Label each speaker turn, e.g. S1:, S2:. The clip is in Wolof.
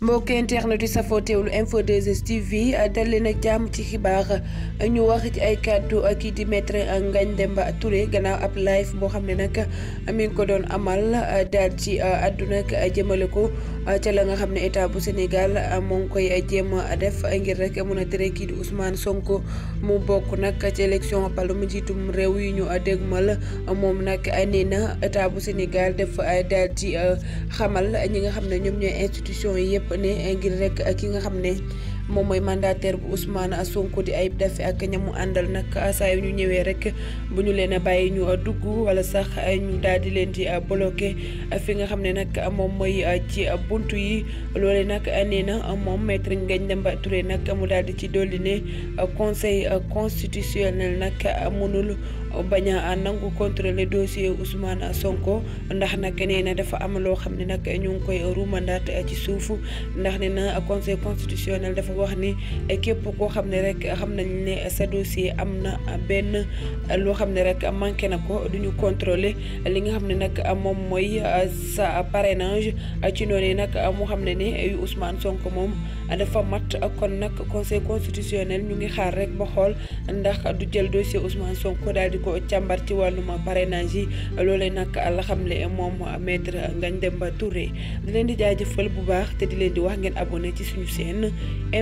S1: mbokk internet yi safoo teewlu info 2S TV dal leen ak jàmm ci xibaar ñu wax ci ay kàddu kii di maître Ngagne Demba Touré gannaaw ab live boo xam ne nag mi ko doon amal daal ci uh, àdduna ak jëmale ko uh, ca la nga xam ne état bu Sénégal uh, moo ngi koy jéem a def ngir rek mun a tere kii di Sonko mu bokk nag ci élection palum njiitum réew yi ñu dégmal moom nag nee na état bu Sénégal def daal ci xamal ñi nga xam ne ñoom ñooy institution yi yëpp. jàpp ne ngir rek ki nga xam ne moom mooy mandataire bu Ousmane Sonko di Ayib Daffé ak ñamu àndal nag saa yu ñu ñëwee rek bu ñu leen a bàyyi ñu dugg wala sax ñu daal di leen di bloqué fi nga xam ne nag moom mooy ci buntu yi loole nag nee na moom maître Ngagne Demba Touré nag mu daal di ci dolli ne conseil constitutionnel nag mënul bañ a nangu contrôler dossier Ousmane Sonko ndax nag nee na dafa am loo xam ne nag ñu ngi koy ruumandaat ci suufu ndax nee na conseil constitutionnel dafa wax ni eh, képp koo xam ne rek xam nañ ne sa dossier am na benn loo xam ne rek manqué na ko duñu contrôler li nga xam ne nag moom mooy eh, sa parrainage ci noonu nag mu xam ne ne Ousmane Sonko moom dafa mat kon nag conseil constitutionnel ñu ngi xaar rek ba xool ndax du jël dossier Ousmane Sonko daal di ko càmbar ci wàllum parrainage yi loolee nag la xamle moom maître Ngagne Demba Touré di leen di jaajëfal bu baax te di leen di wax ngeen abonné ci suñu chaîne